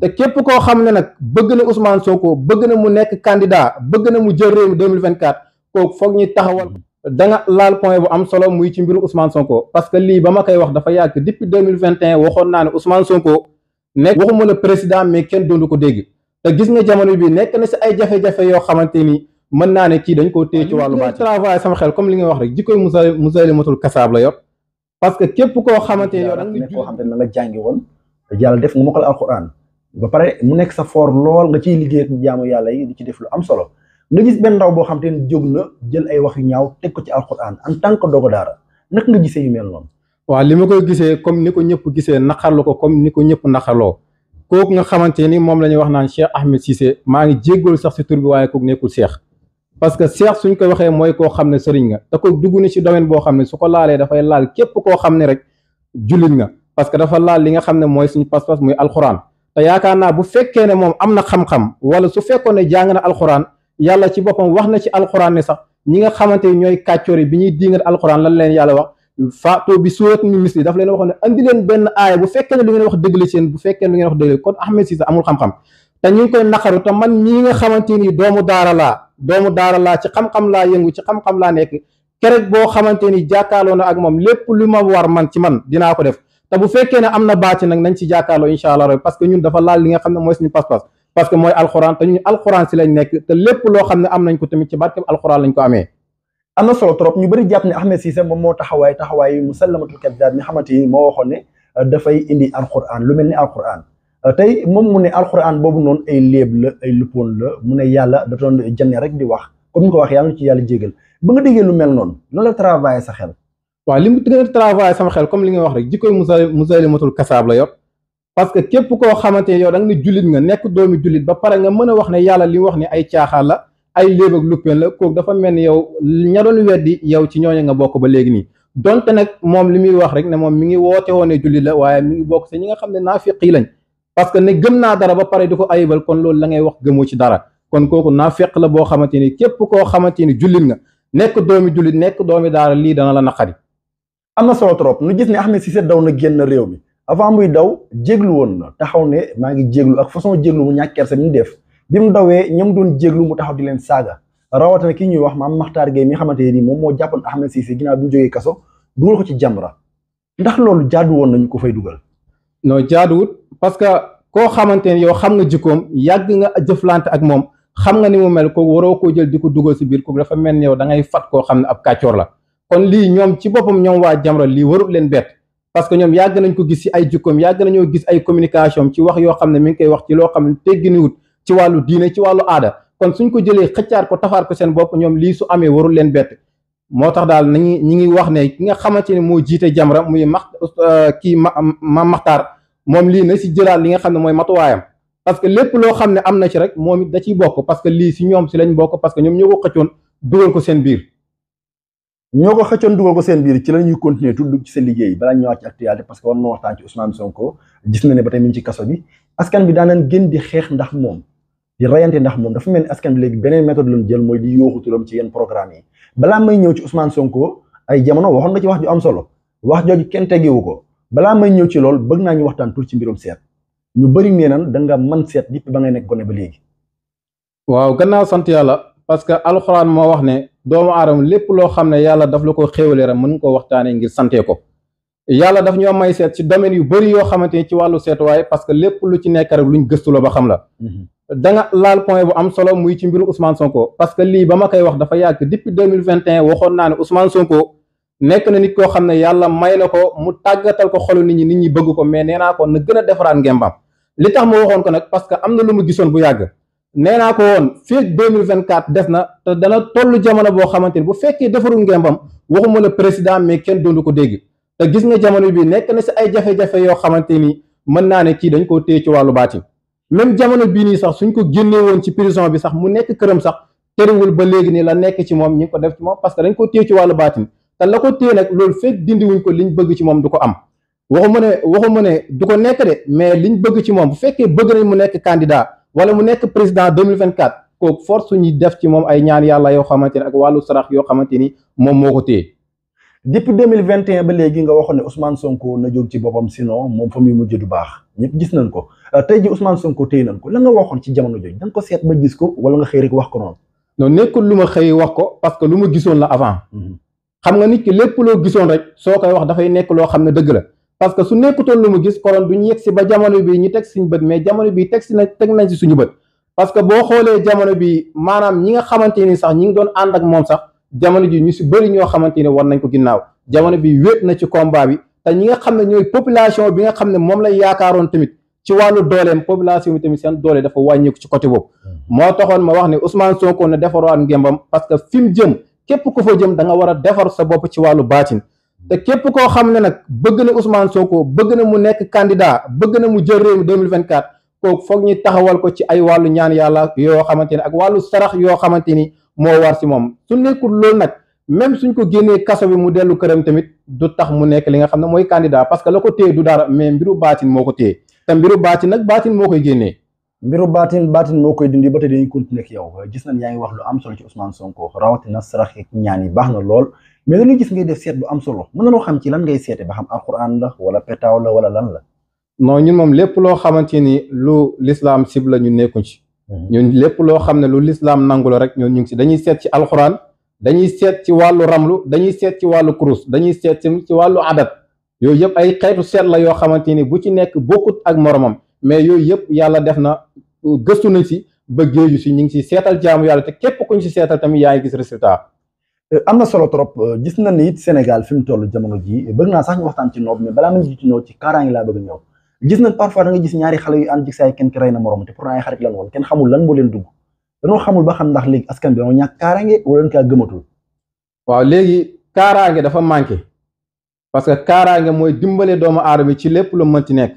te képp koo xam ne nag bëgg na Ousmane Sonko bëgg na mu nekk candidat bëgg na mu jël réew mi 2024 kooku foog ñu taxawal da nga laal point bu am solo muy ci mbiru Ousmane Sonko parce que lii ba ma koy wax dafa yàgg depuis 2021 waxoon naa ne Ousmane Sonko nekk waxuma président mais kenn doondu ko dégg te gis nga jamono bi nekk na si ay jafe-jafe yoo xamante ni mën naa ne kii dañ koo téye ci wàllu baat travail sama xel comme li nga wax rek jikkoy musa musali matul kasaab la yor parce képp koo xamante yow da nga koo la jàngi woon te yàlla def nga mokkal alxuraan ba pare mu nekk sa for lool nga ciy liggéeyat ak jaamu yàlla yi du ci def lu am solo nga gis benn ndaw boo xam te ne jóg na jël ay wax yu ñaaw teg ko ci alxuraan en tant que dogo daara naka nga gisee yu mel noonu. waaw li ma koy gisee comme ni ko ñëpp gisee naqarlu ko comme ni ko ñëpp naqarloo kooku nga xamante ni moom la ñuy wax naan Cheikh Ahmed Cissé maa ngi jéggul sax si tur bi waaye kooku nekkul Cheikh. parce que seex suñ ko waxee mooy koo xam ne sëriñ nga te ko dugg na ci domaine boo xam ne su ko laalee dafay laal képp koo xam ne rek jullit nga parce que dafa laal li nga xam ne mooy suñu pas-pas muy alxuraan te yaakaar naa bu fekkee ne moom am na xam-xam wala su fekkoon ne jàng alxuraan yàlla ci boppam wax na ci alxuraan ne sax ñi nga xamante ñooy kàccoor bi ñuy diingat alxuraan lan leen yàlla wax faatu bi surat mi misli daf leen waxoon ne andi leen benn aaya bu fekkee ne lu ngeen wax dëgg la seen bu fekkee ne lu ngeen wax dëgg la kon Ahmed Cissé amul xam-xam te ñu ngi koy naqaru te man ñi nga xamante ni doomu daara laa doomu daara laa ci xam laa yëngu ci xam laa nekk keroog boo xamante ni jàkkaarloo na ak moom lépp lu ma war man ci man dinaa ko def te bu fekkee ne am na baati nag nañ ci jàkkaarloo incha allah rabi parce que ñun dafa laal li nga xam ne mooy suñu pas-pas parce que mooy alxuraan te nekk lépp loo xam ne am nañ ko tamit ci barkeb alxuraan lañ ko amee am na solo trop ñu bëri jàpp ne Ahmed Cissé moom moo taxawaay taxawaay musallamatul kaddaab mi xamante ni moo waxoon ne euh, dafay indi alxuraan lu mel ni alxuraan euh, tey moom mu ne alxuraan boobu noonu ay léeb la ay luppoon la mu ne yàlla datoon doon rek di wax comme ni ko wax yàlla ci yàlla jégal ba nga déggee lu mel noonu lan la travaillé sa xel waaw li mu gën a sama xel comme li nga wax rek jikkoy musa musalimatul kasaab la yor parce que képp koo xamante ne yow da nga ne jullit nga nekk doomi jullit ba a wax ne yàlla li wax ne ay caaxaan la ay léeb ak luppeen dafa mel ni yow ña doon weddi yow ci ñooñu nga bokk ba léegi nii donte nag moom li muy wax rek ne moom mi ngi woote woon ne jullit la waaye mi bokk ci ñi nga xam ne naafiq yi lañ parce que ne gëm naa dara ba pare di ko ayibal kon loolu la ngay wax gëmoo ci dara kon kooku naafiq la boo xamante ni képp koo xamante ni jullit nga nekk doomi jullit nekk doomi daara lii dana la naqari am na solo trop nu gis ne Ahmed Cissé daw na génn réew mi avant muy daw jéglu woon na taxaw ne maa ngi jéglu ak façon jéglu mu ñàkk kersa mu def bi mu dawee ñoom doon jéglu mu taxaw di leen saaga rawatina ki ñuy wax maam Makhtar Gueye mi xamante ne nii moom moo jàppoon Ahmed Cissé ginnaaw bi jógee kaso dugal ko ci Jamra ndax loolu jaadu woon nañu ko fay dugal. noo jaaduwut parce que koo xamante ne yow xam nga jikkoom yàgg nga jëflante ak moom xam nga ni mu mel ko waroo koo jël di ko dugal si biir ko dafa mel ni yow da ngay fat koo xam ne ab kàccoor la. kon lii ñoom ci boppam ñoom waa Jamra lii warul leen bett parce que ñoom yàgg nañ ko gis ci ay jukkoom yàgg nañoo gis ay communication ci wax yoo xam ne mi ngi koy wax ci loo xam ne tegginiwut ci wàllu diine ci wàllu aada kon suñ ko jëlee xëccaat ko tafaar ko seen bopp ñoom lii su amee warul leen bett moo tax daal nañu ñi ngi wax ne ki nga xamante ne moo jiite Jamra muy max euh, kii ma ma maxtaar moom lii na si jëlaat li nga xam ne mooy matuwaayam parce que lépp loo xam ne am na ci rek moom it da ciy bokk parce que lii si ñoom si lañ bokk parce que ñoom ñoo ko xëccoon dugal ko seen biir ñoo ko xëccoon dugal ko seen biir ci la ñuy continuer tudd ci sa liggéey balaa ñëwaat ci actualité parce war na waxtaan ci Ousmane Sonko gis na ba tey ci kaso bi askan bi daanaan gën di xeex ndax moom di rayante ndax moom dafa mel ni askan bi léegi beneen méthode lañ jël mooy di yooxu turam ci yenn programme yi balaa may ñëw ci Ousmane Sonko ay jamono waxoon na ci wax ju am solo wax jooju kenn tegewu ko balaa may ñëw ci lool bëgg naa ñu waxtaan tur ci mbirum seet ñu bëri nee da nga mën seet dipp ba ngay nekk ba léegi waaw gannaaw sant yàlla doomu aadama lépp loo xam ne yàlla daf la ko xéwalee rek mën nga koo waxtaanee ngir sante ko yàlla daf ñoo may seet ci domaine yu bëri yoo xamante ni ci wàllu waaye parce que lépp lu ci nekk rek luñ gëstu la ba xam la. Mhm. da laal point bu am solo muy ci mbiru Ousmane Sonko parce que lii ba ma koy wax dafa yàgg depuis deux mille vingt et un waxoon naa ne Ousmane Sonko nekk na nit koo xam ne yàlla may na ko mu tàggatal ko xolu nit ñi nit ñi bëgg ko mais nee naa ko na gën a defaraat ngembam li tax ma waxoon ko nag parce que am na lu mu gisoon bu yàgg. nee naa ko woon fii 2024 des na te dana toll jamono boo xamante ni bu fekkee defarul ngembam waxuma la président mais kenn doondu ko dégg te gis nga jamono bi nekk na si ay jafe-jafe yoo xamante ni mën naa ne kii dañ koo téye ci wàllu baatin même jamono bii nii sax suñ ko génnee woon ci prison bi sax mu nekk këram sax terewul ba léegi nii la nekk ci moom ñi ngi ko def ci moom parce que dañ ko téye ci wàllu baatin te la ko téye nag loolu fekk dindiwuñ ko liñ bëgg ci moom du ko am waxuma ne waxuma ne du ko nekk de mais liñ bëgg ci moom bu fekkee bëgg mu nekk candidat wala mu nekk président 2024 kooku force ñi def ci moom ay ñaan yàlla yoo xamante ne ak wàllu sarax yoo xamante ni moom moo ko téye. depuis en ba léegi nga waxoon ne Ousmane Sonko na jóg ci boppam sinon moom fa muy mujj du baax ñëpp gis nañ ko euh, tey ji Ousmane Sonko téye nañ ko la nga waxoon ci jamono jooju da ko seet ba gis ko wala nga xëy rek wax ko noonu. non nekkul lu ma xëy wax ko parce que lu ma gisoon la avant. Mm-hmm. xam nga nit ki lépp loo gisoon rek soo koy wax dafay nekk loo xam ne dëgg la. parce que su nekkutoon lu mu gis konoon du ñu yegg si ba jamono bi ñu teg suñu bët mais jamono bi teg si teg nañ si suñu bët parce que boo xoolee jamono bi maanaam ñi nga xamante ni sax ñi ngi doon ànd ak moom sax jamono ji ñu si bëri ñoo xamante ne war nañ ko ginnaaw jamono bi wéet na ci combat bi te ñi nga xam ne ñooy population bi nga xam ne moom lay yaakaaroon tamit ci wàllu dooleem population bi tamit seen doole dafa wàññeeku ci côté boobu moo taxoon ma wax ne Ousmane Sonko ne defaraat ngémbam parce que fi mu jëm képp ku f jëm da war a defar sa bopp ci wàllu baatin te képp koo xam ne nag bëgg na Ousmane Sonko bëgg na mu nekk candidat bëgg na mu jël réew vingt 2024 kooku foog ñu taxawal ko ci ay wàllu ñaan yàlla yoo xamante ni ak wàllu sarax yoo xamante ni moo war si moom su nekkul lool nag même suñ ko génnee kaso bi mu dellu këram tamit du tax mu nekk li nga xam ne mooy candidat parce que la ko téye du dara mais mbiru baatin moo ko téye te mbiru baatin nag baatin moo koy génnee. mbiru baatin baatin moo koy dindi ba tey dañuy continuer yow gis nañ yaa ngi lu am solo ci Ousmane Sonko rawatina sarax ak ñaan yi baax na mais dañu gis ngay def seet bu am solo mën nañoo xam ci lan ngay seete ba xam alquran la wala petaaw la wala lan la non ñun moom lépp loo xamante ni lu lislaam sib la ñu nekkuñ ci mhm. ñun lépp loo xam ne lu lislaam nangu la rek ñun ñu ngi si dañuy seet ci alquran dañuy seet ci wàllu ramlu dañuy seet ci wàllu kurus dañuy seet ci wàllu adat yooyu yëpp ay xeetu seet la yoo xamante ni bu ci nekk bokkut ak moromam mais yooyu yëpp yàlla def na gëstu na si ba géeju si ñu ngi si seetal jaamu yàlla te képp kuñ si seetal tamit yaa ngi gis résultat Euh, am na solo trop euh, gis na ni it Sénégal fi mu toll jamono jii euh, bëgg naa sax ñu waxtaan ci noob mais balaa ma ci ñëw ci kaaraange laa bëgg ñëw gis na parfois da nga gis ñaari xale yu ànd ci saay kenn ki rey na morom te pourtant ay xarit lan woon kenn xamul lan moo leen ba xam ndax léegi askan bi dañoo ñàkk kaaraange wala dañ kaa gëmatul. waaw léegi kaaraange dafa manqué parce que kaaraange mooy dimbale doomu aadama ci lépp lu mënti nekk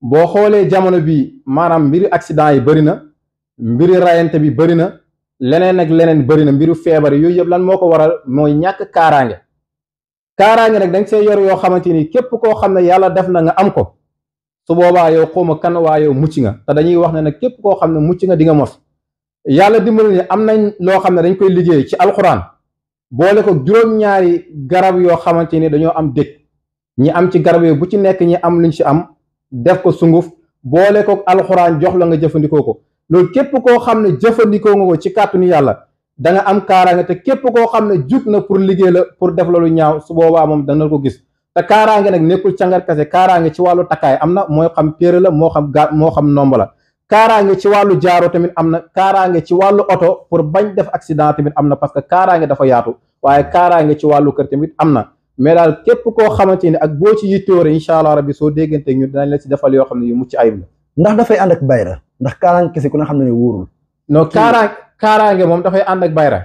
boo xoolee jamono bi maanaam mbiri accident yi bëri na mbiri rayante bi bëri na leneen ak leneen bëri na mbiru feebar yooyu yëpp lan moo ko waral mooy ñàkk kaaraange kaaraange nag dañ see yor yoo xamante ni képp koo xam ne yàlla def na nga am ko su boobaa yow xawma kan waa yow mucc nga te dañuy wax ne nag képp koo xam ne mucc nga di nga mos yàlla dimbali ni am nañ loo xam ne dañ koy liggéey ci alxuraan boole ko juróom-ñaari garab yoo xamante ni dañoo am dëkk ñi am ci garab yooyu bu ci nekk ñi am luñ ci am def ko sunguf boole ko alxuraan jox la nga jëfandikoo ko loolu képp koo xam ne jëfandikoo nga ko ci kàttanu yàlla da am kaaraange te képp koo xam ne jug na pour liggéey la pour def la lu ñaaw su boobaa moom dana ko gis te kaaraange nag nekkul cangar kase kaaraange ci wàllu takkaay am na mooy xam téere la moo xam ga moo xam nomba la kaaraange ci wàllu jaaro tamit am na kaaraange ci wàllu oto pour bañ def accident tamit am na parce que kaaraange dafa yaatu waaye kaaraange ci wàllu kër tamit am na mais daal képp koo xamante ni ak boo ci yittóore incha allah rabbi soo ñu dinañ la ci defal yoo xam ne yu mucc ayib la ndax dafay ànd ak bayra ndax kaaraange kese ku ne xam ne ne wóorul. non kaaraange kaaraange moom dafay ànd ak bayra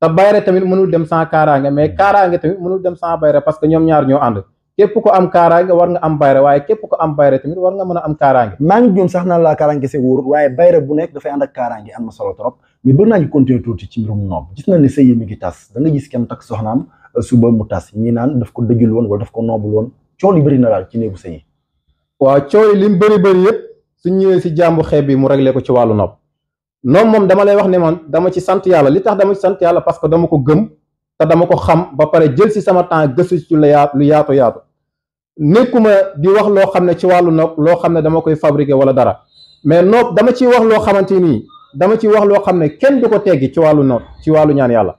te bayra tamit mënul dem sans kaaraange mais kaaraange tamit mënul dem sans bayra parce que ñoom ñaar ñoo ànd képp ko am kaaraange war nga am bayra waaye képp ko am bayra tamit war nga mën a am kaaraange. maa ngi juum sax naan laa kaaraange kese wóorul waaye bayra bu nekk dafay ànd ak kaaraange am na solo trop mais bëgg naa ñu continuer tuuti ci mbirum noob gis na ne sëy yi ngi tas da euh, naan daf ko dëjul woon wala daf ko noobul woon na daal ci néegu sëy yi waaw suñ ñëwee si jàmbu xeeb bi mu réglé ko ci wàllu nopp noonu moom dama lay wax ne man dama ci sant yàlla li tax dama ci sant yàlla parce que dama ko gëm te dama ko xam ba pare jël si sama temps gëstu ci lu yaatu lu yaatu yaatu nekkuma di wax loo xam ne ci wàllu nopp loo xam ne dama koy fabriqué wala dara mais nopp dama ciy wax loo xamante nii dama ci wax loo xam ne kenn du ko teggi ci wàllu nopp ci wàllu ñaan yàlla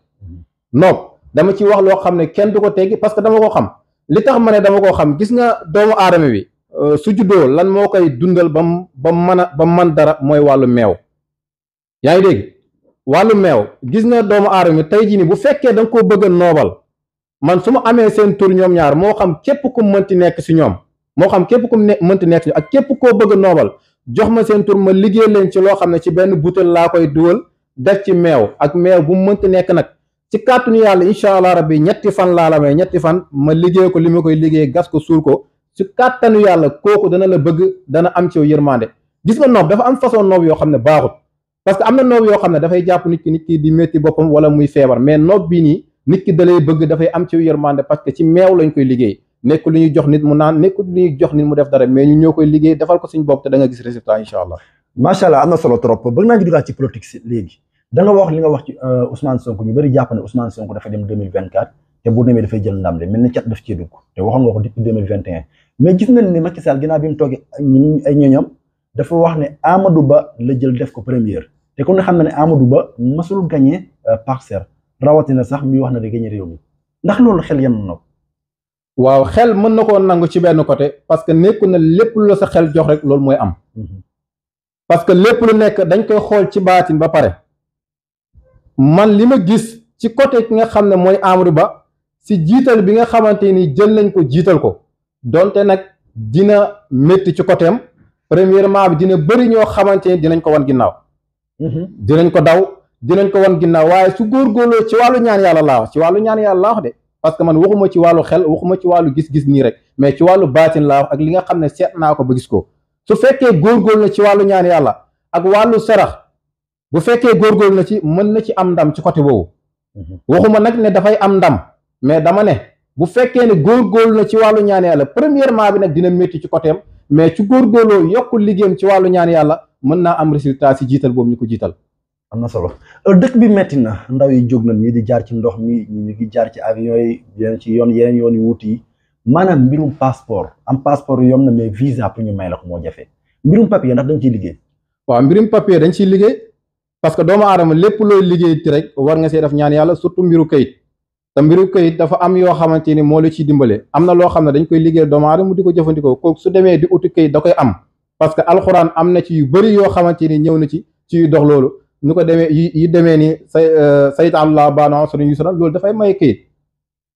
nopp dama ciy wax loo xam ne kenn du ko teggi parce que dama ko xam li tax ma ne dama ko xam gis nga doomu aadama bi Euh, su juddoo lan moo koy dundal ba mu ba mu mën a ba man dara mooy wàllu meew yaa ngi dégg wàllu meew gis nga doomu aadama tey jii bu fekkee da koo bëgg noobal man su ma amee seen tur ñoom ñaar moo xam képp ku mënti nekk si ñoom moo xam képp ku ne mënti nekk ak képp koo bëgg a noobal jox ma seen tur ma liggéey leen ci loo xam ne ci benn butel laa koy dugal def ci meew ak meew bu mu mënti nekk nag ci kàttanu yàlla incha allah rabbi ñetti fan laa la may ñetti fan ma liggéey ko li ma koy liggéey gas ko suul ko su kàttanu yàlla kooku dana la bëgg dana am ci yow yërmande gis nga noob dafa am façon noob yoo xam ne baaxut parce que am na noob yoo xam ne dafay jàpp nit ki nit ki di métti boppam wala muy feebar mais noob bii nii nit ki dalay bëgg dafay am ci yow yërmande parce que ci meew lañ koy liggéey nekk lu ñu jox nit mu naan nekk lu ñuy jox nit mu def dara mais ñu ñoo koy liggéey defal ko suñu bopp te da nga gis résultat incha allah macha allah am na solo trop li nga wax ci euh, Ousmane Sonko ñu bëri jàpp ne Ousmane te bu demee dafay jël ndam mel ni cat daf ciy dugg te waxoon nga ko depuis 2021 mais gis nañ ni Macky Sall ginnaaw bi mu toogee ay ñoñam dafa wax ne Amadou Ba la jël def ko première te kon xam na ne Amadou Ba masul gagné euh, Parcelles rawatina sax muy wax na di gagné réew mi ndax loolu xel yan na waaw xel mën na koo nangu ci benn côté parce que nekku na lépp lu la sa xel jox rek loolu mooy am. Mm-hmm. que lépp lu nekk dañ koy xool ci baatin ba pare man li ma gis ci côté ki nga xam ne mooy Amadou Ba. ci jiital bi nga xamante ni jël nañ ko jiital ko donte nag dina metti ci côté am premièrement bi dina bëri ñoo xamante ni dinañ ko wan ginnaaw. Mm-hmm. dinañ ko daw dinañ ko wan ginnaaw waaye su góor góorgóorloo ci wàllu ñaan yàlla laa wax ci wàllu ñaan yàlla laa wax de parce que man waxuma ci wàllu xel waxuma ci wàllu gis-gis nii rek mais ci wàllu baatin laa ak li nga xam ne seet naa ko ba gis ko su fekkee góor góorgóorlu na ci wàllu ñaan yàlla ak wàllu sarax bu fekkee góorgóorlu na ci mën na ci am ndam ci côté boobu mm-hmm. waxuma nag ne dafay am ndam mais dama ne bu fekkee ne góorgóorlu na ci wàllu ñaan yàlla premièrement bi nag dina métti ci côté am mais ci góorgóorloo yokkul liggéeyam ci wàllu ñaan yàlla mën naa am résultat si jiital boobu ñu ko jiital. am na solo euh, dëkk bi metti na ndaw jóg na ñii di jaar ci ndox mi ñu ngi jaar ci avion yi yeneen ci yoon yeneen yoon yu wut yi maanaam mbirum passeport am passeport yom na mais visa pour ñu may la ko moo jafe mbirum papier ndax dañ ciy liggéey. waaw mbirum papier dañ ciy liggéey parce que doomu aadama lépp looy liggéey rek war nga see def ñaan yàlla surtout mbiru kayit te mbiru këyit dafa am yoo xamante ni moo la ciy dimbale am na loo xam ne dañ koy liggéey doomu aadama mu di ko jëfandikoo kooku su demee di uti këyit da koy am parce que alxuraan am na ci yu bëri yoo xamante ni ñëw na ci ci yu dox loolu ñu ko demee yi yi demee ni say euh, saytaan laa baana suñu yusra loolu dafay maye këyit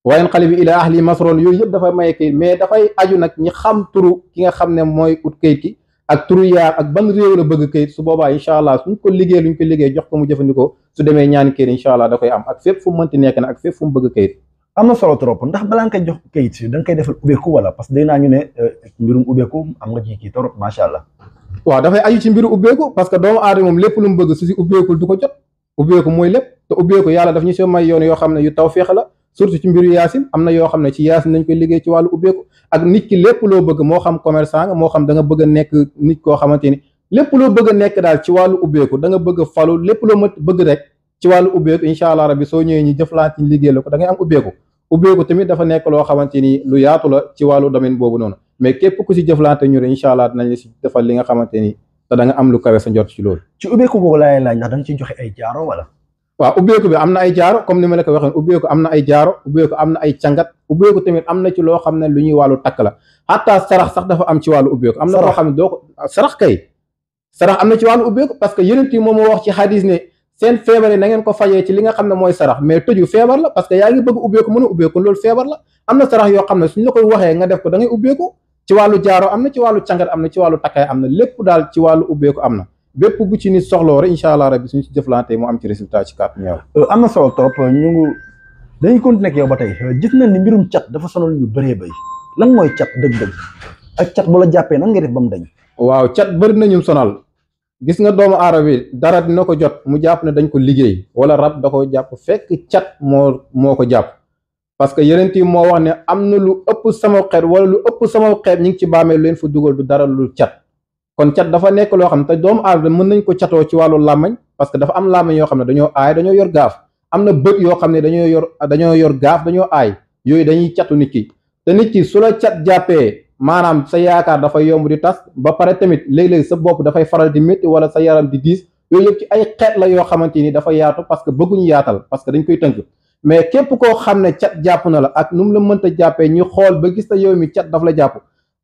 waaye xale bi ila ahli masroon yooyu yëpp dafay maye këyit mais dafay aju nag ñi xam turu ki nga xam ne mooy ut këyit ki ak turu yaar ak ban réew la bëgg kayit su boobaa incha allah suñ ko liggéey luñ ko liggéey jox ko mu jëfandikoo su demee ñaani kayit incha allah da koy am ak fépp fu mu mënti nekk na ak fépp fu mu bëgg kayit am na solo nga koy jox kayit da nga koy defal ubbeeku wala parce que day naa ñu ne euh, mbirum ubbeeku am nga ci kii trop macha allah waaw dafay aju ci mbiru ubbeeku parce que doomu aadama moom lépp lu mu bëgg su si ubbeekul du ko jot ubbeeku xam ne yu tawféex la surtout ci mbiru yaasin am na yoo xam ne ci yaasin nañ koy liggéey ci wàllu ubbeeku ak nit ki lépp loo bëgg moo xam commerçant nga moo xam da danga bëgg a nekk nit koo xamante ni lépp loo bëgg nekk daal ci wàllu ubbeeku da nga bëgg falu lépp loo ma bëgg rek ci wàllu ubbeeku incha allah rabbi soo ñëwee ñu jëflante ñu liggéey la ko da ngay am ubbeeku ubbeeku nekk loo xamante ni lu yaatu la ci wàllu domaine boobu noonu mais képp ku si jëflante ñu rek incha allah dinañ si defal li nga xamante ni te am lu kawe sa njort ci loolu ci ubbeeku boobu laay laaj ndax dañ ci joxe ay jaaro wala waaw ubbeeku bi am na ay jaaro comme ni ma la waxee ubbeeku am na ay jaaro ubbeeku am na ay cangat ubbeeku tamit am na ci loo xam ne lu ñuy wàllu takk la xataa sarax sax dafa am ci wàllu ubbeeku am na loo xam ne doo ko sarax kay sarax am na ci wàllu ubbeeku parce que yeneen yi moom moo wax ci xadis ne seen feebar yi na nga xam ne mooy sarax mais tëju feebar la parce que yaa ngi bëgg ubbeeku mën a ubbeeku loolu feebar la am na sarax yoo xam ne suñ la koy waxee nga def ko da ngay ubbeeku ci wàllu jaaro am na ci wàllu cangat am na ci wàllu takkaay am na lépp daal ci wàllu ubbeeku am na bépp bu ci nit soxloo rek incha allah rabi suñu ci jëflantee mu am ci résultat ci kàttan yàlla. Euh, am na solo trop ñu ngi dañuy continuer ak yow ba tey euh, gis nañ ni mbirum cat dafa sonal ñu bëree bay lan mooy cat dëgg-dëgg ak cat bu la jàppee nan nga def ba mu dañ. waaw cat bëri nañu sonal gis nga doomu aarab yi dara dina ko jot mu jàpp ne dañ ko liggéey wala rab da ko jàpp fekk cat moo moo ko jàpp. parce que yenent yi moo wax ne am na lu ëpp sama xeet wala lu ëpp sama xeet ñu ngi ci bàmmee leen fu dugal du dara lu cat kon cat dafa nekk loo xam ne te doomu aadama mën nañ ko catoo ci wàllu làmmañ parce que dafa am làmmañ yoo xam ne dañoo aay dañoo yor gaaf am na bët yoo xam ne dañoo yor dañoo yor gaaf dañoo aay yooyu dañuy catu nit ki te nit ki su la cat jàppee maanaam sa yaakaar dafa yomb di tas ba pare tamit léeg-léeg sa bopp dafay faral di métti wala sa yaram di diis yooyu yëpp ci ay xeet la yoo xamante ni dafa yaatu parce que bëgguñu yaatal parce que dañ koy tënk mais képp koo xam ne cat jàpp na la ak nu mu la mënta jàppee ñu xool ba gis ta yow mi cat daf la jàpp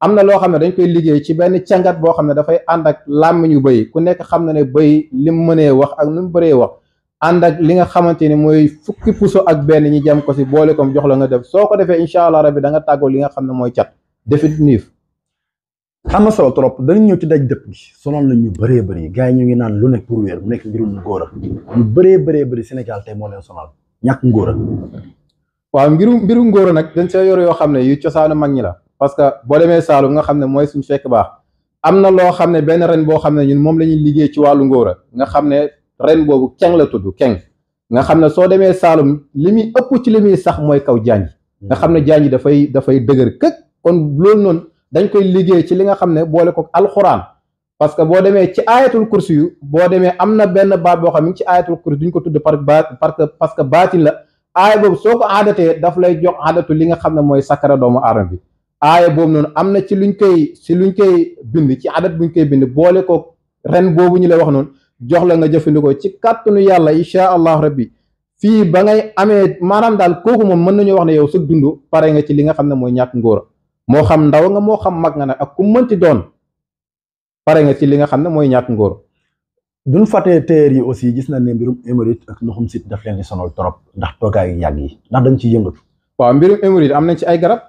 am na loo xam ne dañ koy liggéey ci benn cangat boo xam ne dafay ànd ak làmmiñu bëy ku nekk xam na ne bëy lim mënee wax ak nu mu bëree wax ànd ak li nga xamante ni mooy fukki puso ak benn ñi jam ko si boole kom jox la nga def soo ko defee incha allah rabbi da nga tàggoo li nga xam ne mooy cat defit niif am na solo trop dañu ñëw ci daj dëpp gi sonoon la ñu bëree bëri gars yi ñu ngi naan lu nekk pour wéer mu nekk bëree bëree bëri Sénégal tey moo leen sonal ñàkk ngóora waaw mbiru mbiru ngóora nag dañ see yoo xam ne yu cosaanu mag ñi la parce que boo demee Saalum nga xam ne mooy suñu fekk baax am na loo xam ne benn ren boo xam ne ñun moom la ñuy liggéey ci wàllu ngoor a nga xam ne ren boobu keng la tudd keng nga xam ne soo demee Saalum li muy ëpp ci li muy sax mooy kaw jànj nga xam ne jaan yi dafay dafay dëgër këk kon loolu noonu dañ koy liggéey ci li nga xam ne boole ko alxuraan parce que boo demee ci aayatul kursi yu boo demee am na benn baat boo xam ne ci aayatul kursi duñ ko tudd par parce que parce que baatin la aaya boobu soo ko aadatee lay jox aadatu li nga xam ne mooy sakkara doomu bi aaya boobu noonu am na ci luñ koy si luñ koy bind ci adat buñ koy bind boole ko ren boobu ñu lay wax noonu jox la nga jëfandikoo ci kàttanu yàlla incha allah rabbi fii ba ngay amee maanaam daal kooku moom mën nañu wax ne yow sa dund pare nga ci li nga xam ne mooy ñàkk ngóora moo xam ndaw nga moo xam mag nga nag ak ku mënti doon pare nga ci li nga xam ne mooy ñàkk ngóora duñ fàttee téer yi aussi gis na ne mbirum émérite ak ndoxum sit daf leen di sonal trop ndax toogaay yàgg yi ndax dañ ci yëngatu waaw mbirum émérite am nañ ci ay garab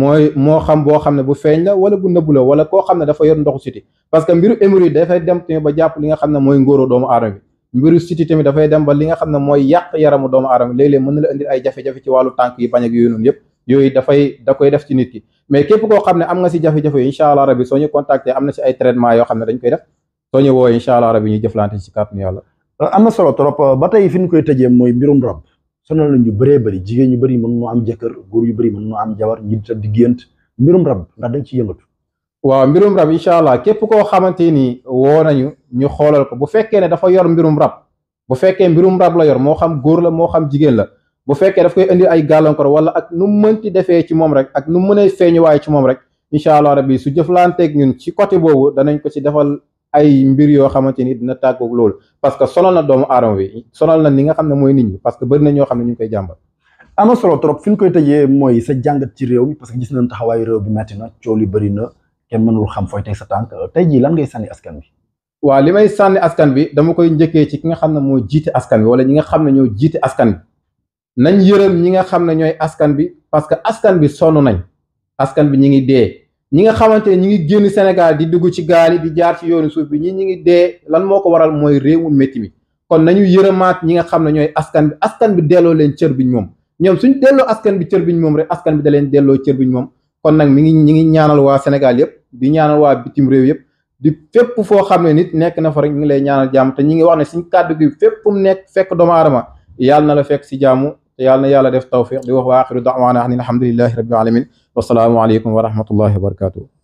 mooy moo xam boo xam ne bu feeñ la wala bu nëbbu la wala koo xam ne dafa yor ndoxu siti parce que mbiru hémorroïde dafay dem tamit ba li nga xam ne mooy ngóoro doomu aadama mbiru siti tamit dafay dem li nga xam ne mooy yàq yaramu doomu aadama bi léeg-léeg mën na la indil ay jafe-jafe ci wàllu tànk yi bañ ak yooyu noonu yëpp yooyu dafay da koy def ci nit ki mais képp koo xam ne am na si jafe-jafe yi incha allah bi soo ñu contacté am na si ay traitement yoo xam ne dañ koy def soo ñu woo incha allah rabi ñuy jëflante ci kàttanu yàlla am na solo ba tey fi ñu koy tëjee mooy mbirum rab sonal na bëree bëri jigéen ñu bëri mën noo am jëkkër góor yu bëri mën noo am jabar ñi di gént mbirum rab ndax dañ ci yëngatu waaw mbirum rab incha allah képp koo xamante ni woo nañu ñu xoolal ko bu fekkee ne dafa yor mbirum rab bu fekkee mbirum rab la yor moo xam góor la moo xam jigéen la bu fekkee daf koy indi ay gàllankoor wala ak nu mu mënti defee ci moom rek ak nu mu mënee feeñuwaay ci moom rek incha allah rabbi su jëflanteeg ñun ci côté boobu danañ ko ci defal ay mbir yoo xamante ni dina tàggoog loolu parce que sonal na doomu aadama bi sonal na ni nga xam ne mooy nit ñi parce que bëri na ñoo xam ne ñu ngi koy jàmbat am solo trop fi ñu koy tëjee mooy sa jàngat ci réew mi parce que gis nañ taxawaayu réew bi na coow li bëri na kenn mënul xam fooy teg sa tànk tey jii lan ngay sànni askan bi waaw li may sànni askan bi dama koy njëkkee ci ki nga xam ne moo jiite askan bi wala ñi nga xam ne ñoo jiite askan bi nañ yërëm ñi nga xam ne ñooy askan bi parce que askan bi sonn nañ askan bi ñi ngi dee ñi nga xamante ne ñi ngi génn Sénégal di dugg ci gaali yi di jaar ci yoonu suuf bi ñi ñi ngi dee lan moo ko waral mooy réew mu métti mi kon nañu yërëmaat ñi nga xam ne ñooy askan bi askan bi delloo leen cër biñ moom ñoom suñ delloo askan bi cër biñ moom rek askan bi da leen delloo cër biñ moom kon nag mi ngi ñi ngi ñaanal waa Sénégal yëpp bi ñaanal waa bitim réew yëpp di fépp foo xam ne nit nekk na fa rek ñu ngi lay ñaanal jàmm te ñi ngi wax ne suñ kàddu gi fépp mu nekk fekk doomu aadama yàlla na la si jàmm te yàlla na yàlla def tawfiq di wax wa axiru daawaana an alhamdulillahi rabbil alamin wasalaamu aleykum wa rahmatullahi wa barakatuh